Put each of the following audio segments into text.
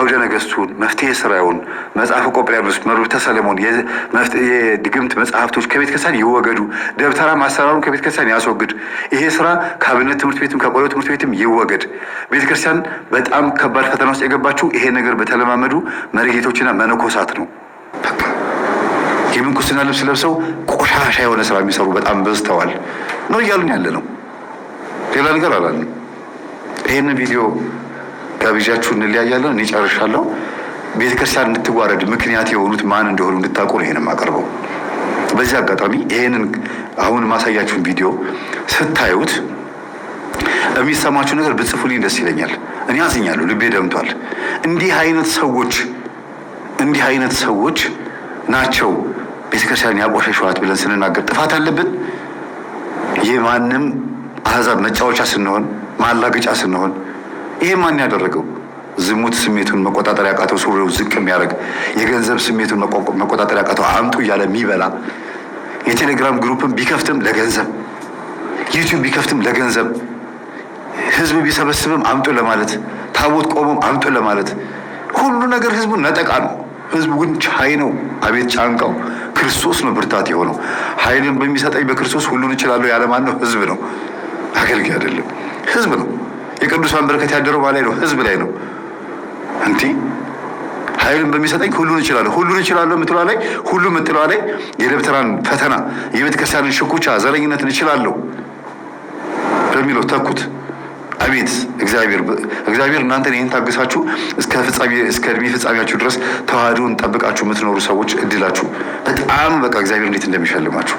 አውደ ነገስቱን መፍትሄ ስራውን መጽሐፍ ቆጵሪያኖስ መሩተ ሰለሞን የድግምት መጽሐፍቶች ከቤተ ክርስቲያን ይወገዱ፣ ደብተራ ማሰራሩን ከቤተ ክርስቲያን ያስወግድ። ይሄ ስራ ከአብነት ትምህርት ቤትም ከቆሎ ትምህርት ቤትም ይወገድ። ቤተ ክርስቲያን በጣም ከባድ ፈተና ውስጥ የገባችው ይሄ ነገር በተለማመዱ መሪጌቶችና መነኮሳት ነው። የምንኩስና ልብስ ለብሰው ቆሻሻ የሆነ ስራ የሚሰሩ በጣም በዝተዋል ነው እያሉን ያለ ነው። ሌላ ነገር አላለም። ይህን ቪዲዮ ጋብዣችሁ እንለያያለን። እኔ ጨርሻለሁ። ቤተክርስቲያን እንድትዋረድ ምክንያት የሆኑት ማን እንደሆኑ እንድታውቁ ነው ይሄን የማቀርበው። በዚህ አጋጣሚ ይሄንን አሁን ማሳያችሁን ቪዲዮ ስታዩት የሚሰማችሁ ነገር ብጽፉልኝ ደስ ይለኛል። እኔ አዝኛለሁ፣ ልቤ ደምቷል። እንዲህ አይነት ሰዎች እንዲህ አይነት ሰዎች ናቸው ቤተክርስቲያን ያቆሸሸዋት ብለን ስንናገር ጥፋት አለብን? የማንም አህዛብ መጫወቻ ስንሆን ማላገጫ ስንሆን ይሄ ማን ያደረገው? ዝሙት ስሜቱን መቆጣጠር ያቃተው ሱሪው ዝቅ የሚያደርግ የገንዘብ ስሜቱን መቆጣጠር ያቃተው አምጡ እያለ የሚበላ የቴሌግራም ግሩፕን ቢከፍትም ለገንዘብ ዩቲዩብ ቢከፍትም ለገንዘብ ህዝብ ቢሰበስብም አምጡ ለማለት ታቦት ቆሞም አምጡ ለማለት ሁሉ ነገር ህዝቡን ነጠቃ ነው። ህዝቡ ግን ቻይ ነው። አቤት ጫንቃው! ክርስቶስ ነው ብርታት የሆነው። ኃይልን በሚሰጠኝ በክርስቶስ ሁሉን እችላለሁ ያለማን ነው? ህዝብ ነው፣ አገልጋይ አይደለም። ህዝብ ነው። የቅዱሳን በረከት ያደረው ባላይ ነው፣ ህዝብ ላይ ነው። እንቲ ኃይልን በሚሰጠኝ ሁሉን እችላለሁ፣ ሁሉን እችላለሁ የምትለዋ ላይ ሁሉ የምትለዋ ላይ የደብተራን ፈተና የቤተክርስቲያንን ክርስቲያንን ሽኩቻ ዘረኝነትን እችላለሁ በሚለው ተኩት። አቤት እግዚአብሔር እግዚአብሔር እናንተን ይህን ታግሳችሁ እስከ ፍጻሜ እስከ እድሜ ፍጻሜያችሁ ድረስ ተዋህዶን ጠብቃችሁ የምትኖሩ ሰዎች እድላችሁ በጣም በቃ እግዚአብሔር እንዴት እንደሚሸልማችሁ።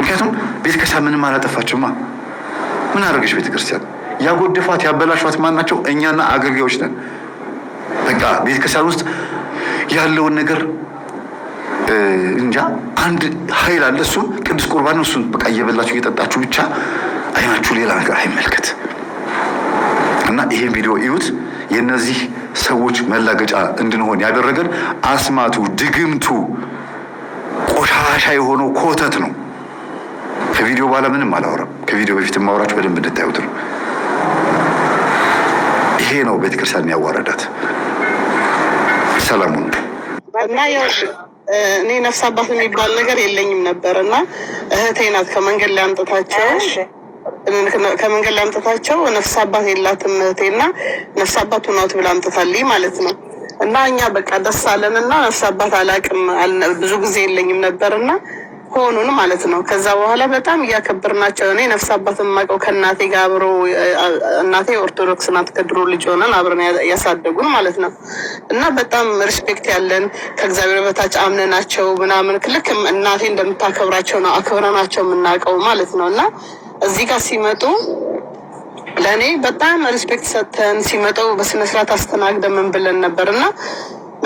ምክንያቱም ቤተክርስቲያን ምንም አላጠፋችማ። ምን አደረገች ቤተክርስቲያን? ያጎደፏት ያበላሿት ማን ናቸው? እኛና አገልጋዮች ነን። በቃ ቤተክርስቲያን ውስጥ ያለውን ነገር እንጃ አንድ ኃይል አለ። እሱም ቅዱስ ቁርባን። እሱን በቃ እየበላችሁ እየጠጣችሁ ብቻ አይናችሁ ሌላ ነገር አይመልከት እና ይሄን ቪዲዮ እዩት። የእነዚህ ሰዎች መላገጫ እንድንሆን ያደረገን አስማቱ፣ ድግምቱ፣ ቆሻሻ የሆነው ኮተት ነው። ከቪዲዮ በኋላ ምንም አላወራም። ከቪዲዮ በፊት ማውራችሁ በደንብ እንድታዩት ነው። ይሄ ነው ቤተክርስቲያን ያዋረዳት። ሰላሙን እና እኔ ነፍስ አባት የሚባል ነገር የለኝም ነበር እና እህቴ ናት ከመንገድ ላይ አምጥታቸው ከመንገድ ላይ አምጥታቸው ነፍስ አባት የላትም እህቴ እና ነፍስ አባት ሁናት ብላ አምጥታልኝ ማለት ነው። እና እኛ በቃ ደስ አለን እና ነፍስ አባት አላቅም ብዙ ጊዜ የለኝም ነበር እና ሆኑን ማለት ነው። ከዛ በኋላ በጣም እያከበርናቸው እኔ ነፍስ አባት የማውቀው ከእናቴ ጋር አብሮ እናቴ ኦርቶዶክስ ናት። ከድሮ ልጅ ሆነን አብረን ያሳደጉን ማለት ነው እና በጣም ሪስፔክት ያለን ከእግዚአብሔር በታች አምነናቸው ምናምን ልክ እናቴ እንደምታከብራቸው ነው አክብረናቸው የምናውቀው ማለት ነው እና እዚህ ጋር ሲመጡ ለእኔ በጣም ሪስፔክት ሰጥተን ሲመጣው በስነስርዓት አስተናግደምን ብለን ነበር እና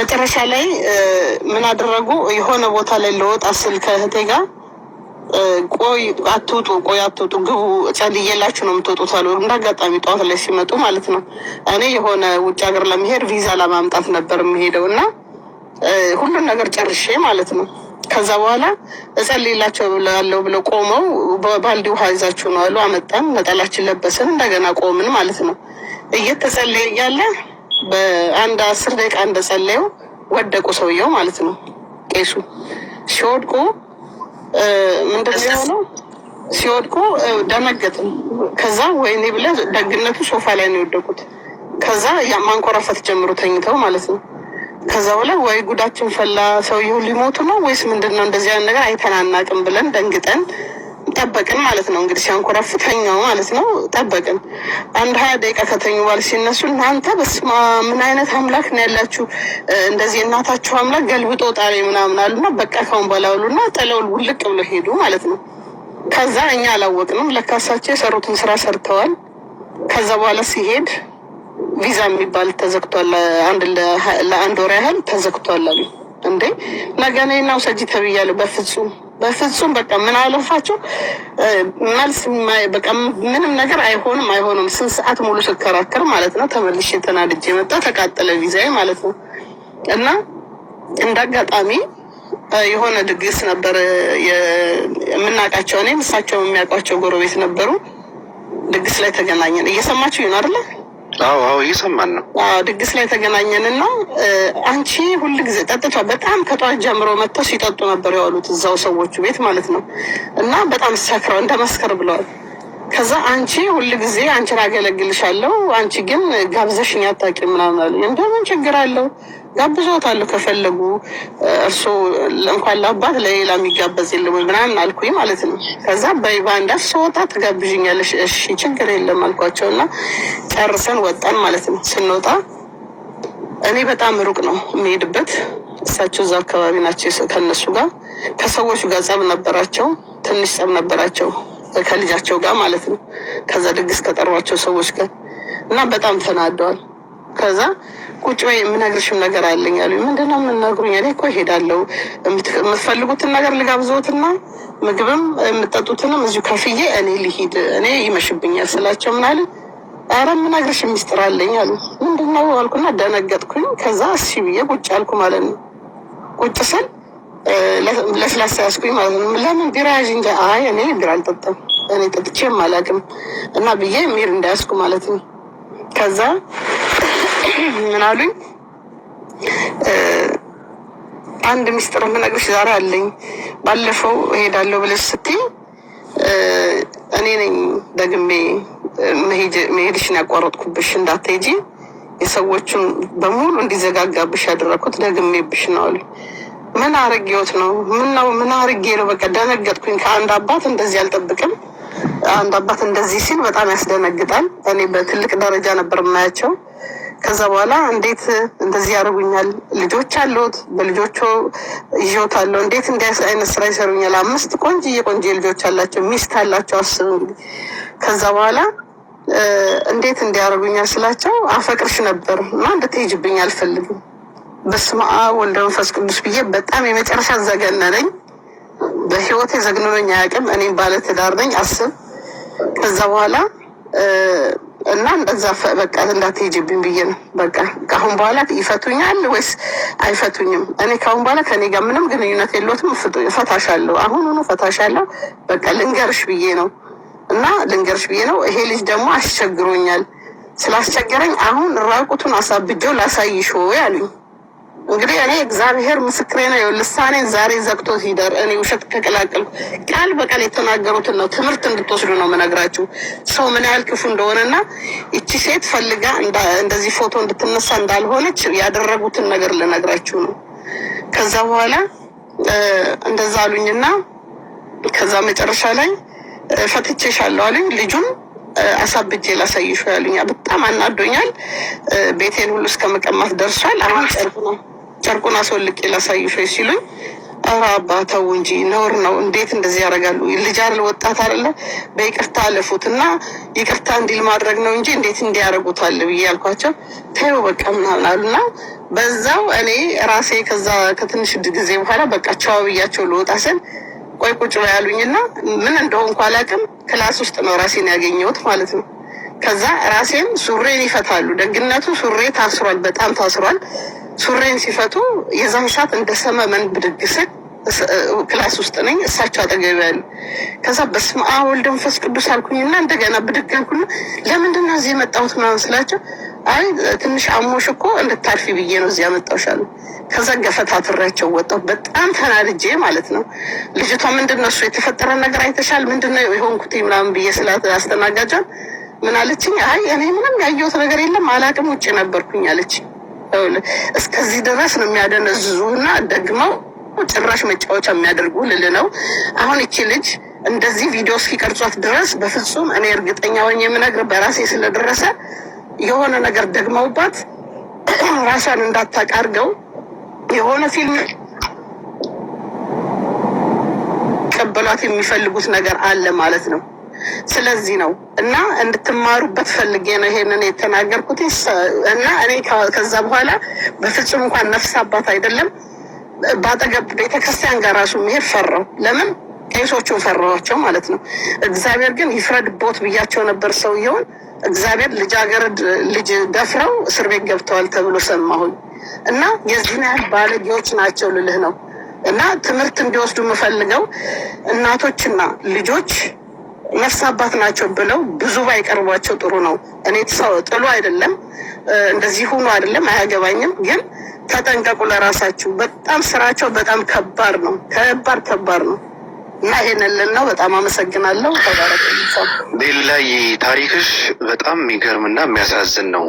መጨረሻ ላይ ምን አደረጉ? የሆነ ቦታ ላይ ለወጣ ስል ከእህቴ ጋር ቆይ አትውጡ፣ ቆይ አትውጡ፣ ግቡ ጸልዬላችሁ ነው የምትወጡት አሉ። እንዳጋጣሚ ጠዋት ላይ ሲመጡ ማለት ነው። እኔ የሆነ ውጭ ሀገር ለመሄድ ቪዛ ለማምጣት ነበር የሚሄደው እና ሁሉን ነገር ጨርሼ ማለት ነው። ከዛ በኋላ እጸልይላቸው ብለው ብለው ቆመው ባልዲ ውሃ ይዛችሁ ነው አሉ። አመጣን፣ ነጠላችን ለበስን፣ እንደገና ቆምን ማለት ነው እየተጸለየ እያለ በአንድ አስር ደቂቃ እንደጸለዩ ወደቁ፣ ሰውየው ማለት ነው። ቄሱ ሲወድቁ ምንድን ነው የሆነው? ሲወድቁ ደነገጥን። ከዛ ወይኔ ብለ ደግነቱ ሶፋ ላይ ነው የወደቁት። ከዛ ማንኮራፈት ጀምሮ ተኝተው ማለት ነው። ከዛ በላ ወይ ጉዳችን ፈላ፣ ሰውየው ሊሞቱ ነው ወይስ ምንድን ነው? እንደዚህ አይነት ነገር አይተናናቅም ብለን ደንግጠን ጠበቅን ማለት ነው። እንግዲህ ሲያንኮራፉት ተኛው ማለት ነው። ጠበቅን አንድ ሀያ ደቂቃ ከተኙ ሲነሱ እናንተ በስመ አብ ምን አይነት አምላክ ነው ያላችሁ? እንደዚህ እናታችሁ አምላክ ገልብጦ ጣሪ ምናምን አሉና በቃ ካሁን በላውሉና ጥለውል ውልቅ ብሎ ሄዱ ማለት ነው። ከዛ እኛ አላወቅንም። ለካሳቸው የሰሩትን ስራ ሰርተዋል። ከዛ በኋላ ሲሄድ ቪዛ የሚባል ተዘግቷል። አንድ ለአንድ ወር ያህል ተዘግቷል አሉ። እንዴ ነገ ነይና ውሰጂ ተብያለሁ። በፍጹም በፍጹም በቃ ምን አለፋቸው መልስ በቃ ምንም ነገር አይሆንም አይሆንም። ስንት ሰዓት ሙሉ ስከራከር ማለት ነው ተመልሼ ተናድጄ የመጣ ተቃጠለ ቪዛዬ ማለት ነው። እና እንደ አጋጣሚ የሆነ ድግስ ነበር የምናውቃቸው እኔም እሳቸው የሚያውቋቸው ጎረቤት ነበሩ። ድግስ ላይ ተገናኘን። እየሰማችሁ ይሆን አይደለ? አዎ አዎ እየሰማን ነው። ድግስ ላይ ተገናኘን እና አንቺ ሁል ጊዜ ጠጥቷ በጣም ከጠዋት ጀምሮ መጥተው ሲጠጡ ነበር የዋሉት እዛው ሰዎቹ ቤት ማለት ነው። እና በጣም ሰክረው እንደ መስከር ብለዋል። ከዛ አንቺ ሁል ጊዜ አንቺን አገለግልሻለሁ፣ አንቺ ግን ጋብዘሽኝ አታውቂም ምናምን አሉ። እንደምን ችግር አለው ጋብዣታል ከፈለጉ እርሶ እንኳን ለአባት ለሌላ የሚጋበዝ የለም ወይ ምናምን አልኩኝ ማለት ነው። ከዛ በይቫንዳ ስወጣ ትጋብዥኛለሽ? እሺ ችግር የለም አልኳቸው እና ጨርሰን ወጣን ማለት ነው። ስንወጣ እኔ በጣም ሩቅ ነው የሚሄድበት፣ እሳቸው እዛ አካባቢ ናቸው። ከነሱ ጋር ከሰዎቹ ጋር ጸብ ነበራቸው፣ ትንሽ ጸብ ነበራቸው ከልጃቸው ጋር ማለት ነው። ከዛ ድግስ ከጠሯቸው ሰዎች ጋር እና በጣም ተናደዋል። ከዛ ቁጭ በይ የምነግርሽም ነገር አለኝ አሉኝ። ምንድን ነው የምነግሩኝ? እኔ እኮ እሄዳለሁ የምትፈልጉትን ነገር ልጋብዞትና ምግብም የምጠጡትንም እዚሁ ከፍዬ እኔ ልሂድ እኔ ይመሽብኛል ስላቸው ምናለ አረ የምነግርሽ ሚስጥር አለኝ አሉ። ምንድን ነው አልኩና ደነገጥኩኝ። ከዛ እሺ ብዬ ቁጭ አልኩ ማለት ነው። ቁጭ ስል ለስላሳ ያስኩኝ ማለት ነው። ለምን ቢራ ያዥ እንጂ አይ እኔ ቢራ አልጠጣም እኔ ጠጥቼም አላውቅም እና ብዬ ሚር እንዳያስኩ ማለት ነው ከዛ ምን አሉኝ? አንድ ሚስጥር የምነግርሽ ዛሬ አለኝ። ባለፈው እሄዳለሁ ብለሽ ስትይ እኔ ነኝ ደግሜ መሄድሽን ያቋረጥኩብሽ እንዳትሄጂ የሰዎቹን በሙሉ እንዲዘጋጋብሽ ያደረግኩት ደግሜብሽ ነው አሉ። ምን አርጌዎት ነው? ምነው ምን አርጌ ነው? በቃ ደነገጥኩኝ። ከአንድ አባት እንደዚህ አልጠብቅም። አንድ አባት እንደዚህ ሲል በጣም ያስደነግጣል። እኔ በትልቅ ደረጃ ነበር የማያቸው ከዛ በኋላ እንዴት እንደዚህ ያደርጉኛል? ልጆች አሉት፣ በልጆቹ ይዞት አለ እንዴት እንዲያስ አይነት ስራ ይሰሩኛል? አምስት ቆንጅዬ ቆንጅዬ ልጆች አላቸው፣ ሚስት አላቸው። አስብ እንግዲህ ከዛ በኋላ እንዴት እንዲያደርጉኛል ስላቸው አፈቅርሽ ነበር እና እንድትሄጅብኝ አልፈልግም። በስመ አብ ወልደ መንፈስ ቅዱስ ብዬ በጣም የመጨረሻ ዘገነነኝ። በህይወት ዘግኖኝ አያውቅም። እኔም ባለትዳር ነኝ አስብ። ከዛ በኋላ እና እዛ በቃ እንዳትሄጂብኝ ብዬ ነው። በቃ ከአሁን በኋላ ይፈቱኛል ወይስ አይፈቱኝም? እኔ ከአሁን በኋላ ከኔ ጋር ምንም ግንኙነት የለትም። እፈታሻለሁ፣ አሁኑኑ እፈታሻለሁ። በቃ ልንገርሽ ብዬ ነው እና ልንገርሽ ብዬ ነው። ይሄ ልጅ ደግሞ አስቸግሮኛል። ስላስቸገረኝ አሁን ራቁቱን አሳብጀው ላሳይሽ ወይ አሉኝ። እንግዲህ እኔ እግዚአብሔር ምስክሬ ነው። ልሳኔን ዛሬ ዘግቶ ሲደር እኔ ውሸት ከቀላቀል ቃል በቃል የተናገሩትን ነው። ትምህርት እንድትወስዱ ነው መነግራችሁ ሰው ምን ያህል ክፉ እንደሆነና እቺ ሴት ፈልጋ እንደዚህ ፎቶ እንድትነሳ እንዳልሆነች ያደረጉትን ነገር ልነግራችሁ ነው። ከዛ በኋላ እንደዛ አሉኝና ከዛ መጨረሻ ላይ ፈትቼሻለሁ አሉኝ። ልጁን አሳብጄ ላሳይሽ ያሉኛ በጣም አናዶኛል። ቤቴን ሁሉ እስከ መቀማት ደርሷል። አሁን ጨርቅ ነው ጨርቁን አስወልቄ ላሳይሽ ወይ ሲሉኝ ኧረ አባ ተው እንጂ ነውር ነው። እንዴት እንደዚህ ያደርጋሉ? ልጅ ወጣት አይደለ? በይቅርታ አለፉት እና ይቅርታ እንዲል ማድረግ ነው እንጂ እንዴት እንዲያደርጉታል ብዬ ያልኳቸው ተይው በቃ ምናምን አሉ እና በዛው እኔ ራሴ ከዛ ከትንሽ ጊዜ በኋላ በቃ ቻው ብያቸው ልወጣ ስል ቆይ ቁጭ በይ ያሉኝ እና ምን እንደሆንኩ አላውቅም። ክላስ ውስጥ ነው ራሴን ያገኘሁት ማለት ነው። ከዛ ራሴን ሱሬን ይፈታሉ። ደግነቱ ሱሬ ታስሯል፣ በጣም ታስሯል። ሱሬን ሲፈቱ የዛን ሰዓት እንደ ሰመመን ብድግ ስል ክላስ ውስጥ ነኝ፣ እሳቸው አጠገብ ያሉ። ከዛ በስመ አብ ወልድ መንፈስ ቅዱስ እና እንደገና ብድግ አልኩና ለምንድን ነው እዚህ የመጣሁት ምናምን ስላቸው አይ ትንሽ አሞሽ እኮ እንድታርፊ ብዬ ነው እዚህ ያመጣሁሻለሁ። ከዛ ገፈታትሬያቸው ወጣሁ። በጣም ተናድጄ ማለት ነው። ልጅቷ ምንድን ነው እሱ የተፈጠረ ነገር አይተሻል? ምንድን ነው የሆንኩት ምናምን ብዬ ስላት አስተናጋጇን ምን አለችኝ? አይ እኔ ምንም ያየሁት ነገር የለም አላቅም፣ ውጭ ነበርኩኝ አለችኝ። ሆነ እስከዚህ ድረስ ነው የሚያደነዝዙ እና ደግመው ጭራሽ መጫወቻ የሚያደርጉ ልል ነው። አሁን እቺ ልጅ እንደዚህ ቪዲዮ እስኪቀርጿት ድረስ በፍጹም እኔ እርግጠኛ ሆኜ የምነግር በራሴ ስለደረሰ የሆነ ነገር ደግመውባት ራሷን እንዳታቃርገው የሆነ ፊልም ቀበሏት የሚፈልጉት ነገር አለ ማለት ነው። ስለዚህ ነው እና እንድትማሩበት ፈልጌ ነው ይሄንን የተናገርኩት። እና እኔ ከዛ በኋላ በፍጹም እንኳን ነፍስ አባት አይደለም በአጠገብ ቤተክርስቲያን ጋር ራሱ መሄድ ፈራው። ለምን ቄሶቹን ፈራዋቸው ማለት ነው። እግዚአብሔር ግን ይፍረድቦት ብያቸው ነበር ሰውየውን። እግዚአብሔር ልጃገረድ ልጅ ደፍረው እስር ቤት ገብተዋል ተብሎ ሰማሁኝ እና የዚህን ያህል ባለጌዎች ናቸው ልልህ ነው እና ትምህርት እንዲወስዱ የምፈልገው እናቶችና ልጆች ነፍስ አባት ናቸው ብለው ብዙ ባይቀርቧቸው ጥሩ ነው። እኔ ሰው ጥሉ አይደለም እንደዚህ ሁኑ አይደለም አያገባኝም። ግን ተጠንቀቁ ለራሳችሁ። በጣም ስራቸው በጣም ከባድ ነው። ከባድ ከባድ ነው። እና ይሄንልን ነው። በጣም አመሰግናለሁ። ቤላይ ታሪክሽ በጣም የሚገርምና የሚያሳዝን ነው።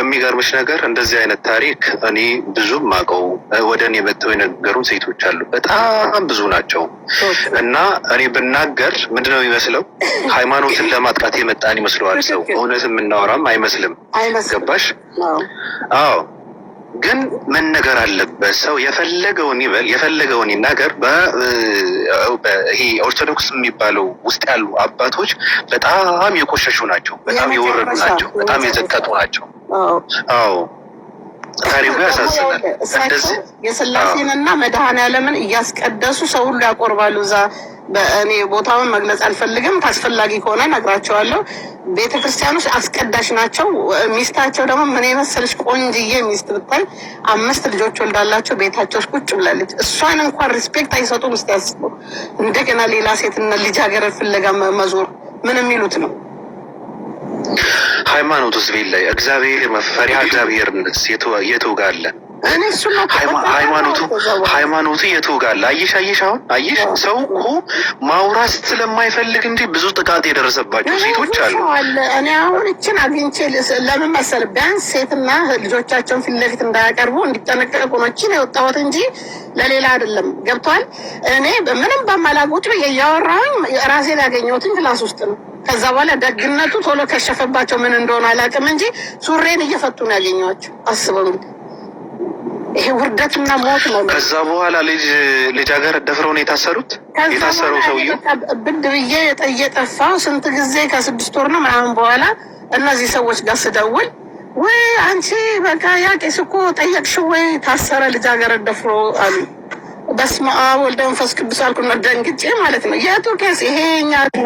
የሚገርምሽ ነገር እንደዚህ አይነት ታሪክ እኔ ብዙም አውቀው ወደ እኔ መጥተው የነገሩን ሴቶች አሉ። በጣም ብዙ ናቸው እና እኔ ብናገር ምንድነው የሚመስለው ሃይማኖትን ለማጥቃት የመጣን ይመስለዋል ሰው። እውነት የምናወራም አይመስልም። ገባሽ? አዎ ግን መነገር አለበት። ሰው የፈለገውን ይበል፣ የፈለገውን ይናገር። ይሄ ኦርቶዶክስ የሚባለው ውስጥ ያሉ አባቶች በጣም የቆሸሹ ናቸው፣ በጣም የወረዱ ናቸው፣ በጣም የዘቀጡ ናቸው። አዎ ታሪኩ ያሳዝናል። እንደዚህ የስላሴንና መድኃኔዓለምን እያስቀደሱ ሰው ሁሉ ያቆርባሉ። እዛ በእኔ ቦታውን መግለጽ አልፈልግም። ካስፈላጊ ከሆነ ነግራቸዋለሁ። ቤተ ክርስቲያኖች አስቀዳሽ ናቸው። ሚስታቸው ደግሞ ምን የመሰለች ቆንጅዬ ሚስት ብታይ አምስት ልጆች ወልዳላቸው ቤታቸው ቁጭ ብላለች። እሷን እንኳን ሪስፔክት አይሰጡም። እስኪ ያስቡ። እንደገና ሌላ ሴትና ልጃገረድ ፍለጋ መዞር ምን የሚሉት ነው? ሃይማኖት ዝቤል ላይ እግዚአብሔር መፈሪያ እግዚአብሔርነት የተውጋለ ሃይማኖቱ ሃይማኖቱ የተውጋለ አየሽ አየሽ አሁን አየሽ ሰው እኮ ማውራት ስለማይፈልግ እንጂ ብዙ ጥቃት የደረሰባቸው ሴቶች አሉ። እኔ አሁን እችን አግኝቼ ለምን መሰል ቢያንስ ሴትና ልጆቻቸውን ፊት ለፊት እንዳያቀርቡ እንዲጠነቀቁ ነው እችን የወጣሁት እንጂ ለሌላ አይደለም። ገብቷል። እኔ ምንም በማላቁጭ እያወራሁኝ ራሴ ያገኘሁትን ክላስ ውስጥ ነው ከዛ በኋላ ደግነቱ ቶሎ ከሸፈባቸው ምን እንደሆነ አላውቅም እንጂ ሱሬን እየፈቱ ነው ያገኘኋቸው። አስበው እንግዲህ ይሄ ውርደትና ሞት ነው። ከዛ በኋላ ልጅ ልጅ ሀገር ደፍረው ነው የታሰሩት። የታሰረው ሰውዬው ብድ ብዬ የጠፋው ስንት ጊዜ ከስድስት ወር ነው ምናምን በኋላ እነዚህ ሰዎች ጋር ስደውል ወይ አንቺ በቃ ያቄስ እኮ ጠየቅሽ ወይ ታሰረ ልጅ ሀገር ደፍሮ አሉ። በስመ አብ ወልደ መንፈስ ቅዱስ አልኩ። ደንግጬ ማለት ነው የቱ ኬስ ይሄኛ እኛ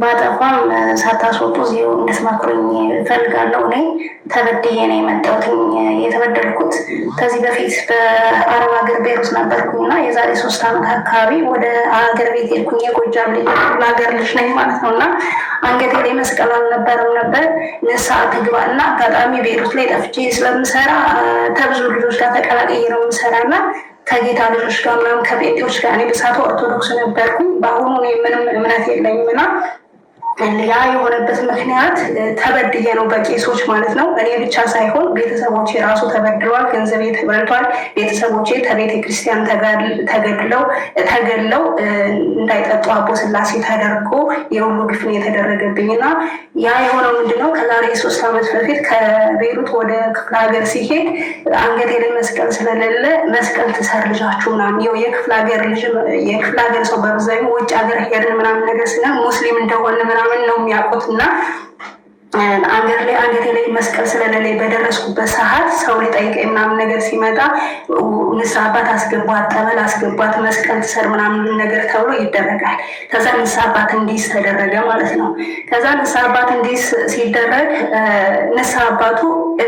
ባጠፋም ሳታስወጡ እዚሁ እንድትመክሩኝ እፈልጋለሁ። እኔ ተበድዬ ነው የመጣሁትኝ። የተበደልኩት ከዚህ በፊት በአረብ ሀገር ቤሩት ነበርኩኝ እና የዛሬ ሶስት ዓመት አካባቢ ወደ ሀገር ቤት ሄድኩኝ። የጎጃም ልጅ ለሀገር ልጅ ነኝ ማለት ነው እና አንገቴ ላይ መስቀል አልነበረም ነበር ንስሐ ትግባ እና አጋጣሚ ቤሩት ላይ ጠፍቼ ስለምሰራ ተብዙ ልጆች ጋር ተቀላቀይ ነው የምሰራ እና ከጌታ ልጆች ጋር ምናምን ከጴጤዎች ጋር እኔ በሳቱ ኦርቶዶክስ ነበርኩኝ። በአሁኑ ምንም እምነት የለኝም እና ያ የሆነበት ምክንያት ተበድዬ ነው በቄሶች ማለት ነው። እኔ ብቻ ሳይሆን ቤተሰቦቼ ራሱ ተበድለዋል፣ ገንዘቤ ተበልቷል። ቤተሰቦቼ ከቤተ ክርስቲያን ተገድለው ተገድለው እንዳይጠጡ አቦ ስላሴ ተደርጎ የሁሉ ግፍን የተደረገብኝ እና ያ የሆነው ምንድነው ከዛሬ ሶስት ዓመት በፊት ከቤሩት ወደ ክፍለ ሀገር ሲሄድ አንገቴ ላይ መስቀል ስለሌለ መስቀል ትሰር ልጃችሁ ምናምን ው የክፍለ ሀገር ልጅ የክፍለ ሀገር ሰው በብዛኙ ውጭ ሀገር ሄድን ምናምን ነገር ስለ ሙስሊም እንደሆነ ምናምን ምናምን ነው የሚያውቁት እና አገር ላይ አንገት ላይ መስቀል ስለሌለኝ በደረስኩበት ሰዓት ሰው ሊጠይቀኝ ምናምን ነገር ሲመጣ ንስሐ አባት አስገቧት፣ ጠበል አስገቧት፣ መስቀል ትሰር ምናምን ነገር ተብሎ ይደረጋል። ከዛ ንስሐ አባት እንዲስ ተደረገ ማለት ነው። ከዛ ንስሐ አባት እንዲስ ሲደረግ ንስሐ አባቱ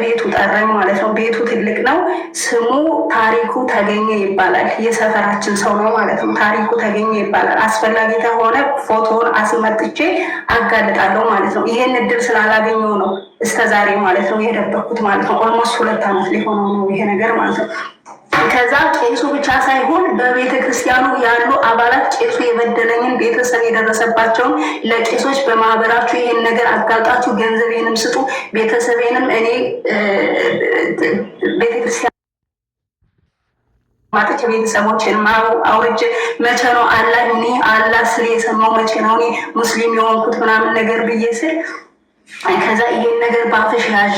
ቤቱ ጠረኝ ማለት ነው። ቤቱ ትልቅ ነው። ስሙ ታሪኩ ተገኘ ይባላል። የሰፈራችን ሰው ነው ማለት ነው። ታሪኩ ተገኘ ይባላል። አስፈላጊ ከሆነ ፎቶውን አስመጥቼ አጋልጣለሁ ማለት ነው። ይሄን እድል ስላ። ስላላገኘው ነው እስከ ዛሬ ማለት ነው የደበኩት ማለት ነው። ኦልሞስት ሁለት ዓመት ሊሆነው ነው ይሄ ነገር ማለት ነው። ከዛ ቄሱ ብቻ ሳይሆን በቤተ ክርስቲያኑ ያሉ አባላት ቄሱ የበደለኝን ቤተሰብ የደረሰባቸውን ለቄሶች በማህበራችሁ ይህን ነገር አጋልጣችሁ ገንዘቤንም ስጡ፣ ቤተሰቤንም እኔ ቤተክርስቲያን ማጥቼ ቤተሰቦችን አውርጄ መቼ ነው አላህ እኔ አላህ ስል የሰማው መቼ ነው እኔ ሙስሊም የሆንኩት ምናምን ነገር ብዬ ስል ከዛ ይሄን ነገር ባፍሽ ያዥ፣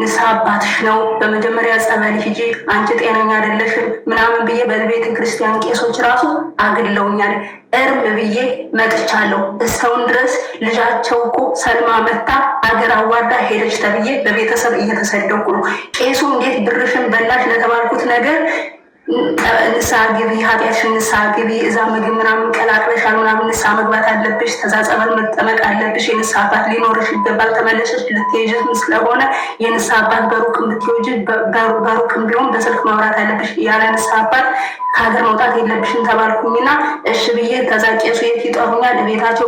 ንስሐ አባትሽ ነው፣ በመጀመሪያ ጸበል ሂጂ፣ አንቺ ጤነኛ አይደለሽም ምናምን ብዬ በቤተ ክርስቲያን ቄሶች ራሱ አግለውኛል። እርም ብዬ መጥቻለሁ። እስካሁን ድረስ ልጃቸው እኮ ሰልማ መታ አገር አዋርዳ ሄደች ተብዬ በቤተሰብ እየተሰደኩ ነው። ቄሱ እንዴት ብርሽን በላሽ ለተባልኩት ነገር ንስሓ ግቢ፣ ኃጢአትሽን ንስሓ ግቢ፣ እዛ ምግብ ምናምን ቀላቅለሻል ምናምን ንሳ መግባት አለብሽ፣ ከዛ ጸበል መጠመቅ አለብሽ፣ የንሳ አባት ሊኖርሽ ይገባል። ተመለሰሽ ልትሄጂም ስለሆነ የንሳ አባት በሩቅ ምትወጅ በሩቅም ቢሆን በስልክ ማውራት አለብሽ። ያለ ንሳ አባት ከሀገር መውጣት የለብሽም ተባልኩኝና እሽ ብዬ ከዛ ቄሱ የት ይጠሩኛል? ቤታቸው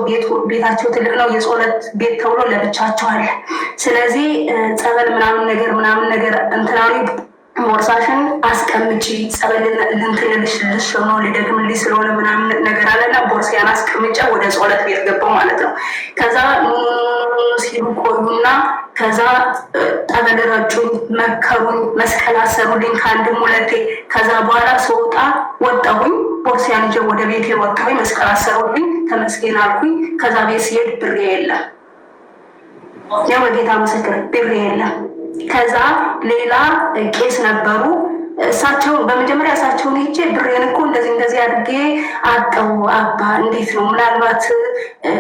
ቤታቸው ትልቅ ነው፣ የጸሎት ቤት ተብሎ ለብቻቸዋል። ስለዚህ ጸበል ምናምን ነገር ምናምን ነገር እንትናዊ ቦርሳሽን አስቀምጪ ጸበል ልንትንልሽ ልሽ ሆኖ ሊደግምልሽ ስለሆነ ምናምን ነገር አለና ቦርሳያን አስቀምጫ ወደ ጸሎት ቤት ገባው ማለት ነው። ከዛ ሲሉ ቆዩና ከዛ ጠበደረጩኝ፣ መከሩኝ፣ መስቀል አሰሩልኝ ከአንድም ሁለቴ። ከዛ በኋላ ሰውጣ ወጣሁኝ፣ ቦርሳያን ይዤ ወደ ቤቴ ወጣሁኝ፣ መስቀል አሰሩልኝ፣ ተመስገን አልኩኝ። ከዛ ቤት ሲሄድ ብሬ የለም፣ የወጌታ ምስክር ብሬ የለም። ከዛ ሌላ ቄስ ነበሩ። እሳቸው በመጀመሪያ እሳቸውን ሄጄ ብሬን እኮ እንደዚህ እንደዚህ አድርጌ አጠው አባ እንዴት ነው ምናልባት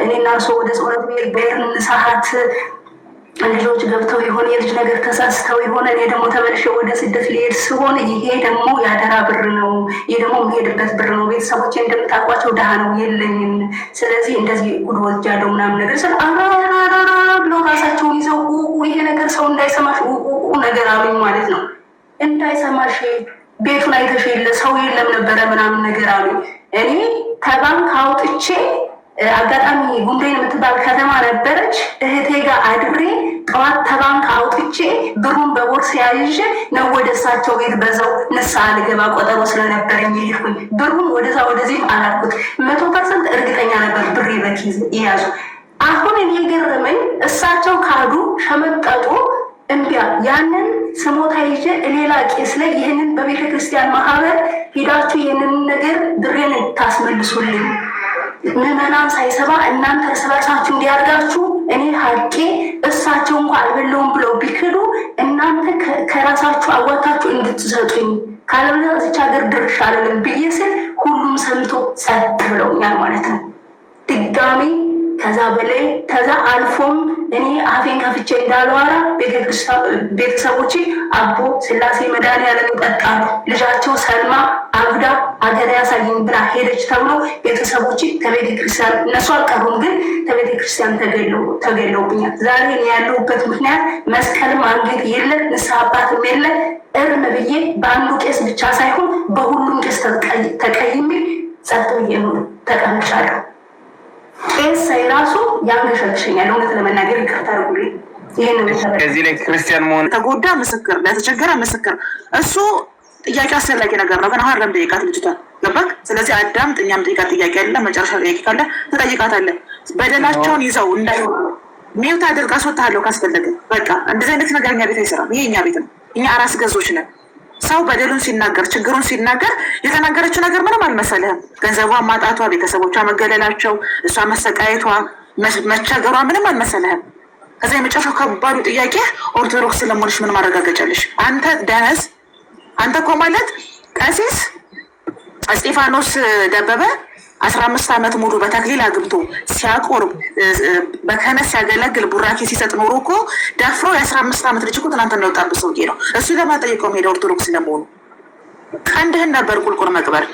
እኔና እርሶ ወደ ጸሎት ቤት በርን ሰዓት ልጆች ገብተው የሆነ የልጅ ነገር ተሳስተው የሆነ እኔ ደግሞ ተመልሼ ወደ ስደት ሊሄድ ስሆን ይሄ ደግሞ የአደራ ብር ነው፣ ይሄ ደግሞ የሚሄድበት ብር ነው። ቤተሰቦቼ እንደምታውቋቸው ድሃ ነው የለኝም። ስለዚህ እንደዚህ ጉድ ወልጃለሁ ምናምን ነገር ስለ ብለው ራሳቸውን ይዘው ይሄ ነገር ሰው እንዳይሰማሽ ነገር አሉኝ ማለት ነው። እንዳይሰማሽ ቤቱን አይተሽ የለ ሰው የለም ነበረ ምናምን ነገር አሉኝ። እኔ ከባንክ አውጥቼ አጋጣሚ ጉንዴን የምትባል ከተማ ነበረች እህቴ ጋር አድሬ ጠዋት ተባንክ አውጥቼ ብሩን በቦርስ ያይዤ ነው ወደ እሳቸው ቤት በዛው ንስሓ ልገባ ቆጠሮ ስለነበረኝ ይሄድኩኝ። ብሩን ወደዛ ወደዚህ አላልኩት። መቶ ፐርሰንት እርግጠኛ ነበር ብሬ በኪዝ ይያዙ አሁን እኔ ገረመኝ። እሳቸው ካዱ ሸመቀጡ እንቢያ ያንን ስሞታ ይዤ ሌላ ቄስ ላይ ይህንን በቤተ ክርስቲያን ማህበር ሄዳችሁ ይህንን ነገር ብሬን ታስመልሱልኝ ምዕመናን ሳይሰባ እናንተ እርስ እንዲያርጋችሁ እኔ ሀቄ እሳቸው እንኳ አልበለውም ብለው ቢክዱ እናንተ ከራሳችሁ አዋታችሁ እንድትሰጡኝ ካለበለዚያ እዚች ሀገር ድርሻ አለለም ብዬ ስል ሁሉም ሰምቶ ሰጥ ብለውኛል ማለት ነው ድጋሜ ከዛ በላይ ከዛ አልፎም እኔ አፌን ከፍቼ እንዳልዋራ ቤተሰቦች አቦ ስላሴ መድኃኒዓለም ይጠጣሉ ልጃቸው ሰልማ አብዳ አገር ያሳይኝ ብላ ሄደች ተብሎ ቤተሰቦች ከቤተ ክርስቲያን እነሱ አልቀሩም፣ ግን ከቤተ ክርስቲያን ተገለውብኛል። ዛሬ ያለሁበት ምክንያት መስቀልም አንገት የለ ንስሐ አባትም የለ እርም ብዬ በአንዱ ቄስ ብቻ ሳይሆን በሁሉም ቄስ ተቀይሜ ጸጥ ብዬ ተቀምቻለሁ። ቄስ ራሱ ያንገሸግሸኛል። እውነት ለመናገር ይቅርታ አድርጉልኝ። እዚህ ላይ ክርስቲያን መሆን ተጎዳ ምስክር፣ ለተቸገረ ምስክር። እሱ ጥያቄ አስፈላጊ ነገር ነው። ግን አሁን ለም ጠይቃት ልጅቷን ገባክ? ስለዚህ አዳም ጥኛም ጠይቃት። ጥያቄ አለ መጨረሻ ጥያቄ ካለ ተጠይቃት በደላቸውን ይዘው እንዳይ ሚውት አድርግ አስወጣለሁ ካስፈለገ። በቃ እንደዚህ አይነት ነገር እኛ ቤት አይሰራም። ይሄ እኛ ቤት ነው። እኛ አራስ ገዞች ነን። ሰው በደሉን ሲናገር ችግሩን ሲናገር የተናገረችው ነገር ምንም አልመሰለህም። ገንዘቧ ማጣቷ፣ ቤተሰቦቿ መገለላቸው፣ እሷ መሰቃየቷ፣ መቸገሯ ምንም አልመሰለህም። ከዛ የመጨረሻው ከባዱ ጥያቄ ኦርቶዶክስ ለመሆንሽ ምን ማረጋገጫለሽ? አንተ ደነዝ፣ አንተ እኮ ማለት ቀሲስ እስጢፋኖስ ደበበ አስራ አምስት ዓመት ሙሉ በተክሊል አግብቶ ሲያቆርብ በከነ ሲያገለግል ቡራኬ ሲሰጥ ኖሮ እኮ ደፍሮ የአስራ አምስት ዓመት ልጅ እኮ ትናንት እንደወጣበት ሰውዬ ነው። እሱ ጠይቀው ሄደ ኦርቶዶክስ ለመሆኑ ቀንድህን ነበር ቁልቁል መቅበር።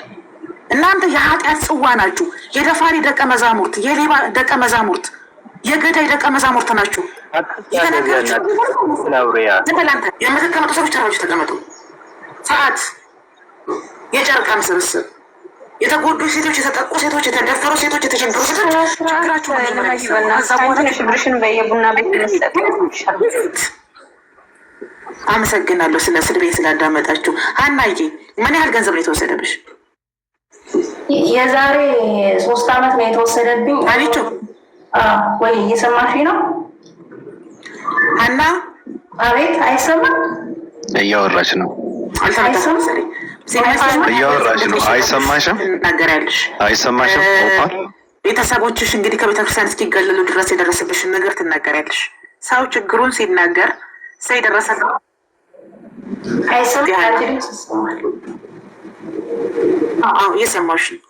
እናንተ የኃጢአት ጽዋ ናችሁ። የደፋሪ ደቀ መዛሙርት፣ የሌባ ደቀ መዛሙርት፣ የገዳይ ደቀ መዛሙርት ናችሁ። የምትቀመጡ ሰዎች ተራችሁ ተቀመጡ። ሰዓት የጨርቃም ስብስብ የተጎዱ ሴቶች፣ የተጠቁ ሴቶች፣ የተደፈሩ ሴቶች፣ የተቸገሩ ሴቶች አመሰግናለሁ። ስለ እስር ቤት ስላዳመጣችሁ። ሀናዬ ምን ያህል ገንዘብ ነው የተወሰደብሽ? የዛሬ ሶስት አመት ነው የተወሰደብኝ። አሊቹ ወይ እየሰማሽ ነው? አና አቤት፣ አይሰማም። እያወራች ነው። አልተመታሰ እያወራሽ ነው። አይሰማሽም? አይሰማሽም? ቤተሰቦችሽ እንግዲህ ከቤተክርስቲያን እስኪገለሉ ድረስ የደረሰብሽን ነገር ትናገሪያለሽ። ሰው ችግሩን ሲናገር ሰው የደረሰ እየሰማሽ ነው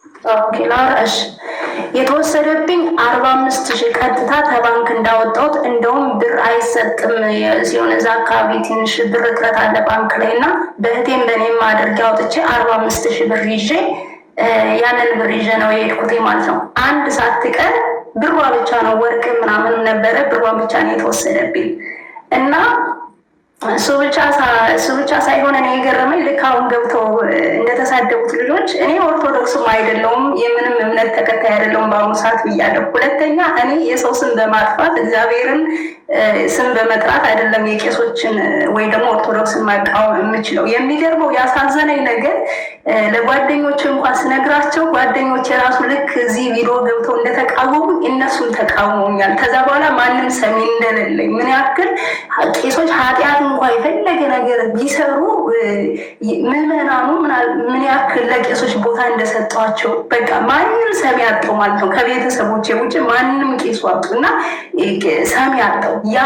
የተወሰደብኝ አርባ አምስት ሺህ ቀጥታ ተባንክ እንዳወጣሁት እንደውም ብር አይሰጥም ሲሆን እዛ አካባቢ ትንሽ ብር እጥረት አለ ባንክ ላይ እና በእህቴም በእኔም አድርጌ አውጥቼ አርባ አምስት ሺህ ብር ይዤ ያንን ብር ይዤ ነው የሄድኩት ማለት ነው። አንድ ሳትቀር ብሯ ብቻ ነው ወርቅ ምናምን ነበረ ብሯ ብቻ ነው የተወሰደብኝ እና እሱ ብቻ ሳይሆን እኔ የገረመኝ ልክ አሁን ገብተው እንደተሳደቡት ልጆች እኔ ኦርቶዶክስም አይደለውም የምንም እምነት ተከታይ አይደለውም በአሁኑ ሰዓት ብያለሁ። ሁለተኛ እኔ የሰው ስም በማጥፋት እግዚአብሔርን ስም በመጥራት አይደለም የቄሶችን ወይ ደግሞ ኦርቶዶክስን ማቃወም የምችለው። የሚገርመው ያሳዘነኝ ነገር ለጓደኞች እንኳን ስነግራቸው ጓደኞች የራሱ ልክ እዚህ ቪዲዮ ገብተው እንደተቃወሙ እነሱም ተቃውሞኛል። ከዛ በኋላ ማንም ሰሚ እንደሌለኝ ምን ያክል ቄሶች ኃጢአት እንኳ የፈለገ ነገር ቢሰሩ ምዕመናኑ ምን ያክል ለቄሶች ቦታ እንደሰጧቸው በቃ ማንም ሰሚ አጠው ማለት ነው። ከቤተሰቦች ውጭ ማንም ቄሱ አጡ እና ሰሚ አጠው ያ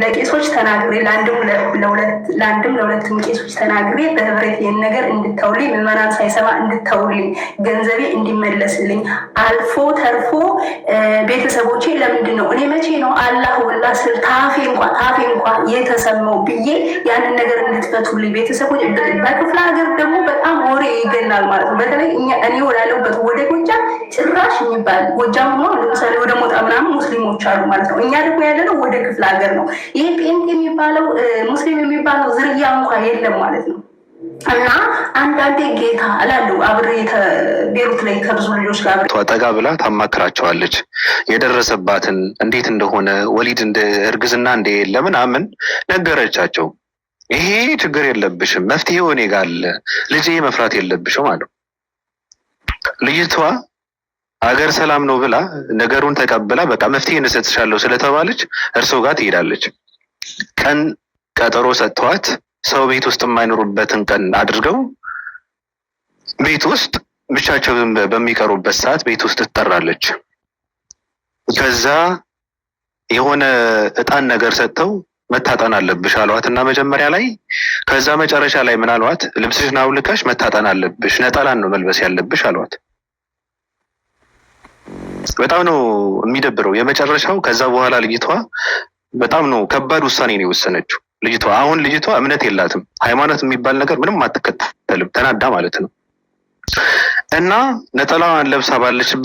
ለቄሶች ተናግሬ ለአንድም ለሁለትም ቄሶች ተናግሬ በህብረት ይህን ነገር እንድታውልኝ ምዕመናን ሳይሰማ እንድታውልኝ ገንዘቤ እንዲመለስልኝ አልፎ ተርፎ ቤተሰቦቼ ለምንድን ነው እኔ መቼ ነው አላህ ወላ ስል ታፌ እንኳ ታፌ እንኳ የተሰማው ብዬ ያንን ነገር እንድትፈቱልኝ ቤተሰቦች። በክፍለ ሀገር ደግሞ በጣም ወሬ ይገናል ማለት ነው። በተለይ እኔ ወዳለሁበት ወደ ጎጃም ጭራሽ የሚባል ጎጃም ሆኖ ለምሳሌ ወደ ሞጣ ምናምን ሙስሊሞች አሉ ማለት ነው። እኛ ደግሞ ያለነው ወደ ክፍለ ሀገር ነው ይህ ጴንጤ የሚባለው ሙስሊም የሚባለው ዝርያ እንኳ የለም ማለት ነው። እና አንዳንዴ ጌታ እላለሁ አብሬ ቤሩት ላይ ከብዙ ልጆች ጋር ጠጋ ብላ ታማክራቸዋለች። የደረሰባትን እንዴት እንደሆነ ወሊድ እርግዝና እንደሌለ ምናምን ነገረቻቸው። ይሄ ችግር የለብሽም መፍትሄው እኔ ጋር አለ ልጄ መፍራት የለብሽም አለው ልጅቷ ሀገር ሰላም ነው ብላ ነገሩን ተቀብላ በቃ መፍትሄ እንሰጥሻለሁ ስለተባለች እርሶ ጋር ትሄዳለች። ቀን ቀጠሮ ሰጥተዋት ሰው ቤት ውስጥ የማይኖሩበትን ቀን አድርገው ቤት ውስጥ ብቻቸው በሚቀሩበት ሰዓት ቤት ውስጥ ትጠራለች። ከዛ የሆነ እጣን ነገር ሰጥተው መታጠን አለብሽ አሏት እና መጀመሪያ ላይ ከዛ መጨረሻ ላይ ምን አሏት? ልብስሽን አውልቀሽ መታጠን አለብሽ፣ ነጠላን ነው መልበስ ያለብሽ አሏት። በጣም ነው የሚደብረው የመጨረሻው። ከዛ በኋላ ልጅቷ በጣም ነው ከባድ ውሳኔ ነው የወሰነችው ልጅቷ። አሁን ልጅቷ እምነት የላትም ሃይማኖት የሚባል ነገር ምንም አትከተልም፣ ተናዳ ማለት ነው። እና ነጠላዋን ለብሳ ባለችበት